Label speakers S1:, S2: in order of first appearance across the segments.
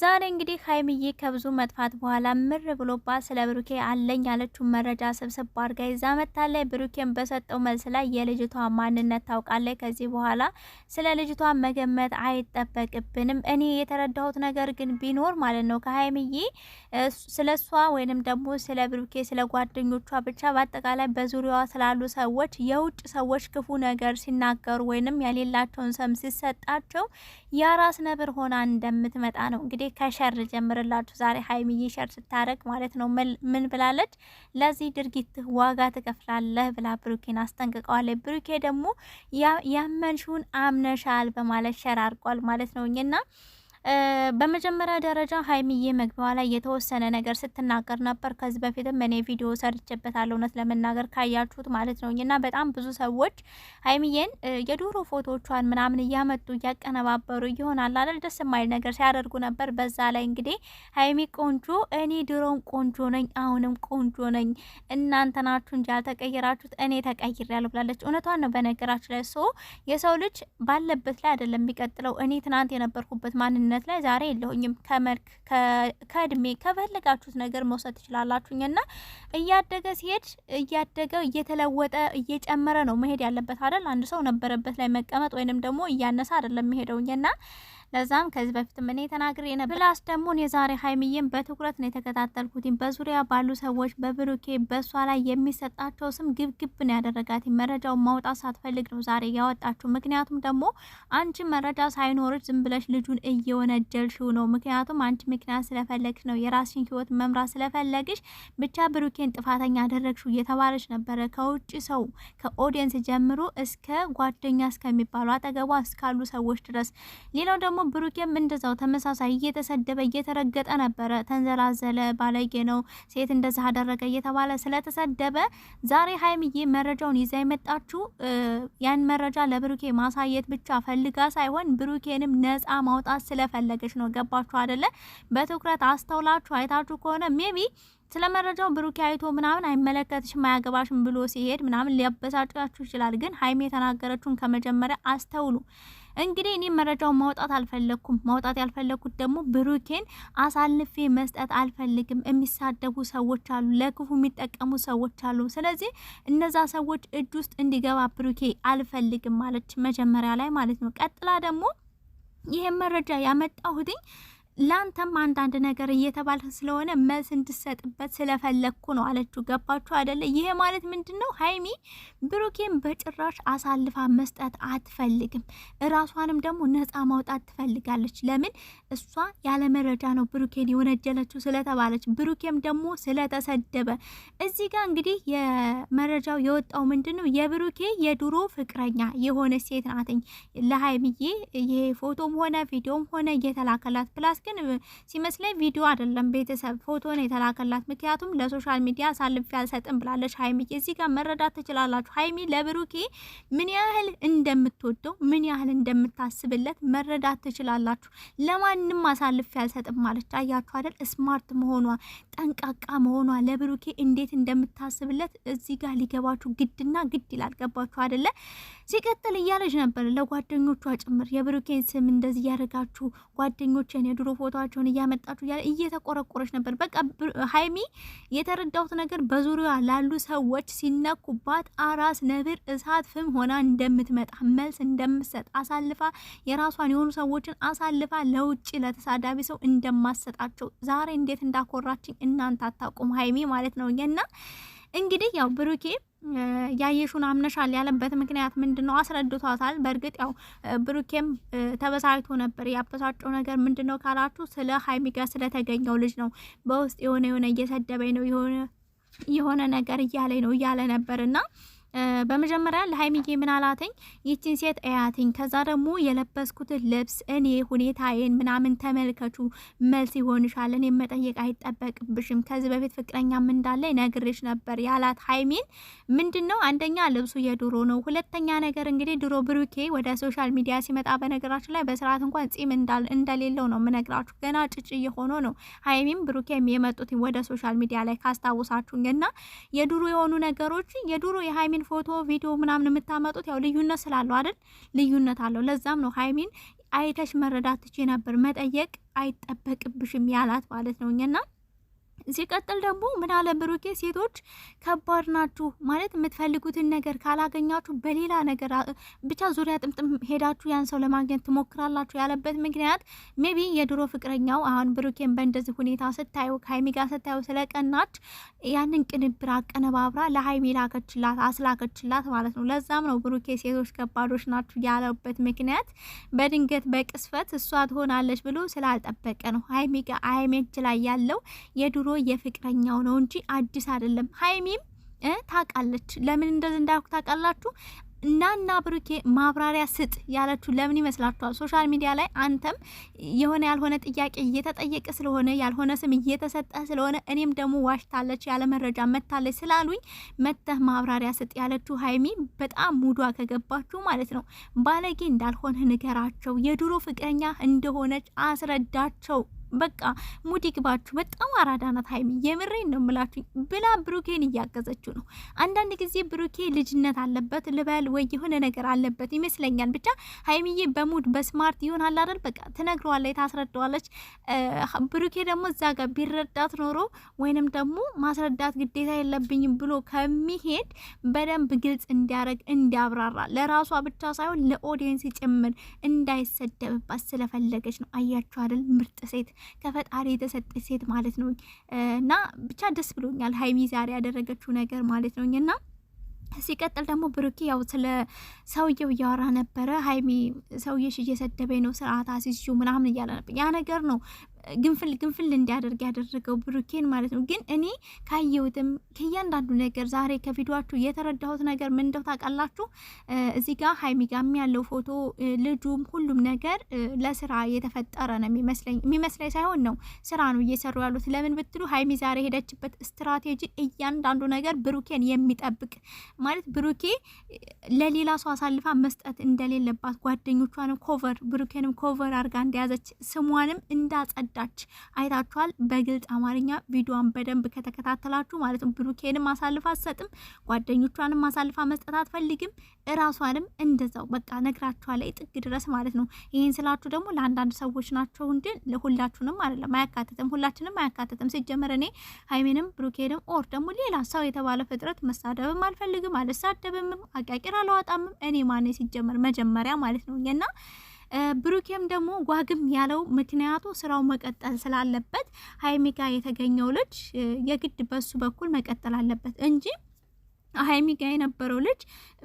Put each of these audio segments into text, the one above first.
S1: ዛሬ እንግዲህ ሀይሚዬ ከብዙ መጥፋት በኋላ ምር ብሎባት ስለ ብሩኬ አለኝ ያለችውን መረጃ ስብስብ አድርጋ ይዛ መታለች። ብሩኬን በሰጠው መልስ ላይ የልጅቷ ማንነት ታውቃለች። ከዚህ በኋላ ስለ ልጅቷ መገመት አይጠበቅብንም። እኔ የተረዳሁት ነገር ግን ቢኖር ማለት ነው ከሀይሚዬ ስለ እሷ ወይንም ደግሞ ስለ ብሩኬ፣ ስለ ጓደኞቿ ብቻ በአጠቃላይ በዙሪያዋ ስላሉ ሰዎች የውጭ ሰዎች ክፉ ነገር ሲናገሩ ወይንም የሌላቸውን ሰም ሲሰጣቸው ያራስ ነብር ሆና እንደምትመጣ ነው እንግዲህ እንግዲህ ከሸር ጀምርላችሁ ዛሬ ሀይሚዬ ሸር ስታረግ ማለት ነው። ምን ብላለች? ለዚህ ድርጊት ዋጋ ትከፍላለህ ብላ ብሩኬን አስጠንቅቀዋለች። ብሩኬ ደግሞ ያመንሽውን አምነሻል በማለት ሸር አድርጓል ማለት ነው እና በመጀመሪያ ደረጃ ሀይሚዬ መግቢያ ላይ የተወሰነ ነገር ስትናገር ነበር። ከዚህ በፊትም እኔ ቪዲዮ ሰርቼበታለሁ እውነት ለመናገር ካያችሁት ማለት ነው። እና በጣም ብዙ ሰዎች ሀይሚዬን የድሮ ፎቶቿን ምናምን እያመጡ እያቀነባበሩ ይሆናል አይደል ደስ የማይል ነገር ሲያደርጉ ነበር። በዛ ላይ እንግዲህ ሀይሚ ቆንጆ፣ እኔ ድሮም ቆንጆ ነኝ፣ አሁንም ቆንጆ ነኝ፣ እናንተ ናችሁ እንጂ ያልተቀየራችሁት እኔ ተቀይሬያለሁ ብላለች። እውነቷን ነው። በነገራችሁ ላይ ሶ የሰው ልጅ ባለበት ላይ አይደለም የሚቀጥለው። እኔ ትናንት የነበርኩበት ማንነት እውነት ላይ ዛሬ የለሁኝም። ከመልክ ከእድሜ ከፈለጋችሁት ነገር መውሰድ ትችላላችሁኝ። እና እያደገ ሲሄድ እያደገ እየተለወጠ እየጨመረ ነው መሄድ ያለበት አይደል? አንድ ሰው ነበረበት ላይ መቀመጥ ወይንም ደግሞ እያነሰ አይደለም መሄደውኝ እና ለዛም ከዚህ በፊት ምን ተናግሬ ነበር። ፕላስ ደግሞ የዛሬ ሀይሚዬን በትኩረት ነው የተከታተልኩት። በዙሪያ ባሉ ሰዎች በብሩኬ በሷ ላይ የሚሰጣቸው ስም ግብግብ ነው ያደረጋት። መረጃውን ማውጣት ሳትፈልግ ነው ዛሬ ያወጣችሁ። ምክንያቱም ደግሞ አንቺ መረጃ ሳይኖርሽ ዝም ብለሽ ልጁን እየወነጀልሽው ነው። ምክንያቱም አንቺ ምክንያት ስለፈለግሽ ነው፣ የራስሽን ህይወት መምራት ስለፈለግሽ ብቻ ብሩኬን ጥፋተኛ አደረግሽው እየተባለች ነበረ። ከውጭ ሰው ከኦዲየንስ ጀምሮ እስከ ጓደኛ እስከሚባሉ አጠገቧ እስካሉ ሰዎች ድረስ ሌላው ደግሞ ብሩኬም እንደዛው ተመሳሳይ እየተሰደበ እየተረገጠ ነበረ። ተንዘላዘለ፣ ባለጌ ነው፣ ሴት እንደዛ አደረገ እየተባለ ስለተሰደበ ዛሬ ሀይምዬ መረጃውን ይዛ የመጣችሁ ያን መረጃ ለብሩኬ ማሳየት ብቻ ፈልጋ ሳይሆን ብሩኬንም ነጻ ማውጣት ስለፈለገች ነው። ገባችሁ አደለ? በትኩረት አስተውላችሁ አይታችሁ ከሆነ ሜቢ ስለ መረጃው ብሩኬ አይቶ ምናምን አይመለከትሽ አያገባሽም ብሎ ሲሄድ ምናምን ሊያበሳጫችሁ ይችላል። ግን ሀይሜ የተናገረችውን ከመጀመሪያ አስተውሉ። እንግዲህ እኔ መረጃውን ማውጣት አልፈለግኩም። ማውጣት ያልፈለግኩት ደግሞ ብሩኬን አሳልፌ መስጠት አልፈልግም። የሚሳደቡ ሰዎች አሉ፣ ለክፉ የሚጠቀሙ ሰዎች አሉ። ስለዚህ እነዛ ሰዎች እጅ ውስጥ እንዲገባ ብሩኬ አልፈልግም ማለች መጀመሪያ ላይ ማለት ነው። ቀጥላ ደግሞ ይህን መረጃ ያመጣሁትኝ ላንተም አንዳንድ ነገር እየተባልህ ስለሆነ መልስ እንድሰጥበት ስለፈለግኩ ነው አለችው። ገባችሁ አደለ? ይሄ ማለት ምንድን ነው? ሀይሚ ብሩኬን በጭራሽ አሳልፋ መስጠት አትፈልግም። እራሷንም ደግሞ ነፃ ማውጣት ትፈልጋለች። ለምን እሷ ያለ መረጃ ነው ብሩኬን የወነጀለችው ስለተባለች፣ ብሩኬም ደግሞ ስለተሰደበ። እዚህ ጋር እንግዲህ የመረጃው የወጣው ምንድን ነው? የብሩኬ የድሮ ፍቅረኛ የሆነ ሴት ናትኝ ለሀይሚዬ ይሄ ፎቶም ሆነ ቪዲዮም ሆነ እየተላከላት ፕላስ ግን ሲመስለኝ ቪዲዮ አይደለም ቤተሰብ ፎቶ ነው የተላከላት። ምክንያቱም ለሶሻል ሚዲያ አሳልፌ አልሰጥም ብላለች ሀይሚ። እዚህ ጋር መረዳት ትችላላችሁ። ሀይሚ ለብሩኬ ምን ያህል እንደምትወደው ምን ያህል እንደምታስብለት መረዳት ትችላላችሁ። ለማንም አሳልፌ አልሰጥም ማለች። አያችሁ አይደል? ስማርት መሆኗ ጠንቃቃ መሆኗ ለብሩኬ እንዴት እንደምታስብለት እዚህ ጋር ሊገባችሁ ግድና ግድ ይላል። ገባችሁ አይደለ? ሲቀጥል እያለች ነበር ለጓደኞቿ ጭምር የብሩኬን ስም እንደዚህ ያደርጋችሁ ጓደኞቼን የድሮ ፎቶቸውን እያመጣችሁ እያለ እየተቆረቆረች ነበር። በቃ ሀይሚ የተረዳሁት ነገር በዙሪያ ላሉ ሰዎች ሲነኩባት አራስ ነብር፣ እሳት ፍም ሆና እንደምትመጣ መልስ እንደምትሰጥ አሳልፋ የራሷን የሆኑ ሰዎችን አሳልፋ ለውጭ ለተሳዳቢ ሰው እንደማሰጣቸው ዛሬ እንዴት እንዳኮራችኝ እናንተ አታውቁም። ሀይሚ ማለት ነው እና እንግዲህ ያው ብሩኬ ያየሹን አምነሻል ያለበት ምክንያት ምንድን ነው? አስረድቷታል። በእርግጥ ያው ብሩኬም ተበሳጭቶ ነበር። ያበሳጨው ነገር ምንድን ነው ካላችሁ ስለ ሀይሚ ጋር ስለተገኘው ልጅ ነው። በውስጥ የሆነ የሆነ እየሰደበኝ ነው የሆነ የሆነ ነገር እያለኝ ነው እያለ ነበር እና በመጀመሪያ ለሀይሚዬ ምን አላትኝ ይችን ሴት እያትኝ፣ ከዛ ደግሞ የለበስኩትን ልብስ እኔ ሁኔታዬን ምናምን ተመልከቹ፣ መልስ ይሆንሻል። እኔ መጠየቅ አይጠበቅብሽም። ከዚህ በፊት ፍቅረኛም እንዳለ ነግሬሽ ነበር ያላት ሀይሚን። ምንድን ነው አንደኛ ልብሱ የድሮ ነው። ሁለተኛ ነገር እንግዲህ ድሮ ብሩኬ ወደ ሶሻል ሚዲያ ሲመጣ በነገራችን ላይ በስርዓት እንኳን ጺም እንደሌለው ነው የምነግራችሁ። ገና ጭጭ እየሆነ ነው ሀይሚም ብሩኬም የመጡት ወደ ሶሻል ሚዲያ ላይ ካስታውሳችሁኝ እና የድሮ የሆኑ ነገሮች የድሮ የሀይሚን ፎቶ ቪዲዮ ምናምን የምታመጡት ያው ልዩነት ስላለው አይደል? ልዩነት አለው። ለዛም ነው ሀይሚን አይተሽ መረዳት ትች ነበር መጠየቅ አይጠበቅብሽም ያላት ማለት ነው እኛና ሲቀጥል ደግሞ ምን አለ ብሩኬ፣ ሴቶች ከባድ ናችሁ ማለት የምትፈልጉትን ነገር ካላገኛችሁ በሌላ ነገር ብቻ ዙሪያ ጥምጥም ሄዳችሁ ያን ሰው ለማግኘት ትሞክራላችሁ ያለበት ምክንያት ሜቢ የድሮ ፍቅረኛው አሁን ብሩኬን በእንደዚህ ሁኔታ ስታዩ ከሀይሚ ጋር ስታዩ ስለቀናች ያንን ቅንብር አቀነባብራ ለሀይሚ ላከችላት አስላከችላት ማለት ነው። ለዛም ነው ብሩኬ ሴቶች ከባዶች ናችሁ ያለበት ምክንያት በድንገት በቅስፈት እሷ ትሆናለች ብሎ ስላልጠበቀ ነው። ሀይሚ ጋር ላይ ያለው የድሮ የፍቅረኛው ነው እንጂ አዲስ አይደለም። ሀይሚም ታውቃለች። ለምን እንደዚህ እንዳልኩ ታውቃላችሁ። እናና ብሩኬ ማብራሪያ ስጥ ያለችሁ ለምን ይመስላችኋል? ሶሻል ሚዲያ ላይ አንተም የሆነ ያልሆነ ጥያቄ እየተጠየቀ ስለሆነ ያልሆነ ስም እየተሰጠ ስለሆነ እኔም ደግሞ ዋሽታለች ያለ መረጃ መታለች ስላሉኝ መተህ ማብራሪያ ስጥ ያለችሁ ሀይሚ በጣም ሙዷ ከገባችሁ ማለት ነው። ባለጌ እንዳልሆነ ንገራቸው። የድሮ ፍቅረኛ እንደሆነች አስረዳቸው። በቃ ሙድ ይግባችሁ። በጣም አራዳ ናት ሀይሚ፣ የምሬን ነው ምላችሁ ብላ ብሩኬን እያገዘችው ነው። አንዳንድ ጊዜ ብሩኬ ልጅነት አለበት ልበል ወይ የሆነ ነገር አለበት ይመስለኛል። ብቻ ሀይሚዬ በሙድ በስማርት ይሆናል አይደል? በቃ ትነግረዋለች፣ ታስረዳዋለች። ብሩኬ ደግሞ እዛ ጋር ቢረዳት ኖሮ ወይንም ደግሞ ማስረዳት ግዴታ የለብኝም ብሎ ከሚሄድ በደንብ ግልጽ እንዲያረግ እንዲያብራራ ለራሷ ብቻ ሳይሆን ለኦዲየንስ ጭምር እንዳይሰደብባት ስለፈለገች ነው። አያችሁ አይደል? ምርጥ ሴት ከፈጣሪ የተሰጠች ሴት ማለት ነው እና ብቻ ደስ ብሎኛል ሀይሚ ዛሬ ያደረገችው ነገር ማለት ነው እና ሲቀጥል ደግሞ ብሩኬ ያው ስለ ሰውየው እያወራ ነበረ። ሀይሚ ሰውየሽ እየሰደበኝ ነው ስርዓት አስይዙ ምናምን እያለ ነበር። ያ ነገር ነው ግንፍል ግንፍል እንዲያደርግ ያደረገው ብሩኬን ማለት ነው። ግን እኔ ካየሁትም ከእያንዳንዱ ነገር ዛሬ ከቪዲዮችሁ የተረዳሁት ነገር ምን እንደው ታውቃላችሁ? እዚህ ጋር ሀይሚ ጋም ያለው ፎቶ ልጁም ሁሉም ነገር ለስራ የተፈጠረ ነው የሚመስለኝ የሚመስለኝ ሳይሆን ነው ስራ ነው እየሰሩ ያሉት። ለምን ብትሉ ሀይሚ ዛሬ ሄደችበት ስትራቴጂ እያንዳንዱ ነገር ብሩኬን የሚጠብቅ ማለት ብሩኬ ለሌላ ሰው አሳልፋ መስጠት እንደሌለባት ጓደኞቿንም ኮቨር ብሩኬንም ኮቨር አድርጋ እንደያዘች ስሟንም እንዳጸዳ ተጎዳች። አይታችኋል። በግልጽ አማርኛ ቪዲዮን በደንብ ከተከታተላችሁ ማለት ነው ብሩኬንም አሳልፍ አትሰጥም፣ ጓደኞቿንም አሳልፋ መስጠት አትፈልግም፣ እራሷንም እንደዛው በቃ ነግራችኋ ላይ ጥግ ድረስ ማለት ነው። ይህን ስላችሁ ደግሞ ለአንዳንድ ሰዎች ናቸው እንጂ ለሁላችሁንም አይደለም፣ አያካትትም፣ ሁላችንም አያካትትም። ሲጀመር እኔ ሀይሜንም ብሩኬንም ኦር ደግሞ ሌላ ሰው የተባለ ፍጥረት መሳደብም አልፈልግም፣ አልሳደብምም፣ አቂያቂር አለዋጣምም። እኔ ማን ሲጀመር መጀመሪያ ማለት ነው እና ብሩኬም ደግሞ ጓግም ያለው ምክንያቱ ስራው መቀጠል ስላለበት ሀይሚ የተገኘው ልጅ የግድ በሱ በኩል መቀጠል አለበት እንጂ ሀይሚ ጋ የነበረው ልጅ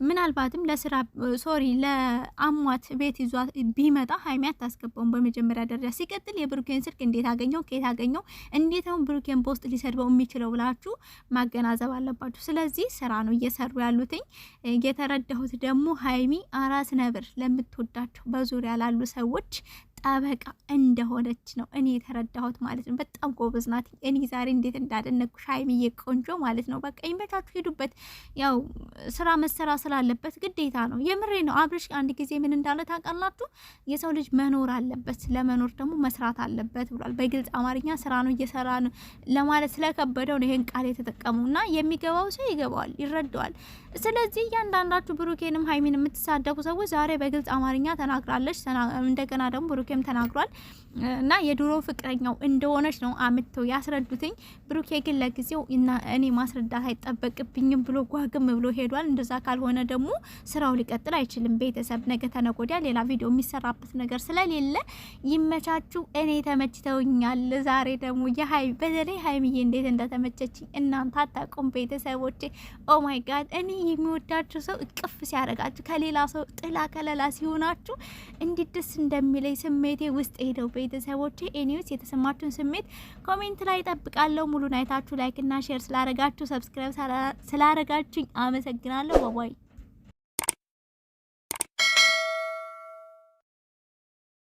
S1: ምናልባትም ለስራ ሶሪ ለአሟት ቤት ይዟ ቢመጣ ሀይሚ አታስገባውም በመጀመሪያ ደረጃ። ሲቀጥል የብሩኬን ስልክ እንዴት አገኘው፣ ከየት አገኘው፣ እንዴት ነው ብሩኬን በውስጥ ሊሰድበው የሚችለው ብላችሁ ማገናዘብ አለባችሁ። ስለዚህ ስራ ነው እየሰሩ ያሉትኝ። የተረዳሁት ደግሞ ሀይሚ አራስ ነብር ለምትወዳቸው በዙሪያ ላሉ ሰዎች ጠበቃ እንደሆነች ነው እኔ የተረዳሁት ማለት ነው። በጣም ጎበዝ ናት። እኔ ዛሬ እንዴት እንዳደነኩሽ ሀይሚዬ፣ ቆንጆ ማለት ነው። በቃ ይመቻችሁ፣ ሄዱበት። ያው ስራ መሰራ ስላለበት ግዴታ ነው። የምሬ ነው። አብርሽ አንድ ጊዜ ምን እንዳለ ታውቃላችሁ? የሰው ልጅ መኖር አለበት፣ ለመኖር ደግሞ መስራት አለበት ብሏል። በግልጽ አማርኛ ስራ ነው እየሰራ ነው ለማለት ስለከበደው ነው ይህን ቃል የተጠቀሙ እና የሚገባው ሰው ይገባዋል፣ ይረዳዋል። ስለዚህ እያንዳንዳችሁ ብሩኬንም ሀይሚን የምትሳደቡ ሰዎች ዛሬ በግልጽ አማርኛ ተናግራለች። እንደገና ደግሞ ብሩኬ ብሩኬም ተናግሯል እና የድሮ ፍቅረኛው እንደሆነች ነው አምተው ያስረዱትኝ። ብሩኬ ግን ለጊዜው እና እኔ ማስረዳት አይጠበቅብኝም ብሎ ጓግም ብሎ ሄዷል። እንደዛ ካልሆነ ደግሞ ስራው ሊቀጥል አይችልም። ቤተሰብ ነገ ተነጎዲያ ሌላ ቪዲዮ የሚሰራበት ነገር ስለሌለ ይመቻችሁ። እኔ ተመችተውኛል። ዛሬ ደግሞ የሀይ በተለይ ሀይምዬ እንዴት እንደተመቸችኝ እናንተ አታውቁም ቤተሰቦቼ። ማይ ጋድ እኔ የሚወዳችሁ ሰው እቅፍ ሲያደርጋችሁ ከሌላ ሰው ጥላ ከለላ ሲሆናችሁ እንዲደስ ደስ እንደሚለኝ ስም ስሜቴ ውስጥ ሄደው ቤተሰቦች ኤኒውስ የተሰማችሁን ስሜት ኮሜንት ላይ ጠብቃለሁ። ሙሉን አይታችሁ ላይክና ሼር ስላረጋችሁ ሰብስክራይብ ስላረጋችሁኝ አመሰግናለሁ። ባባይ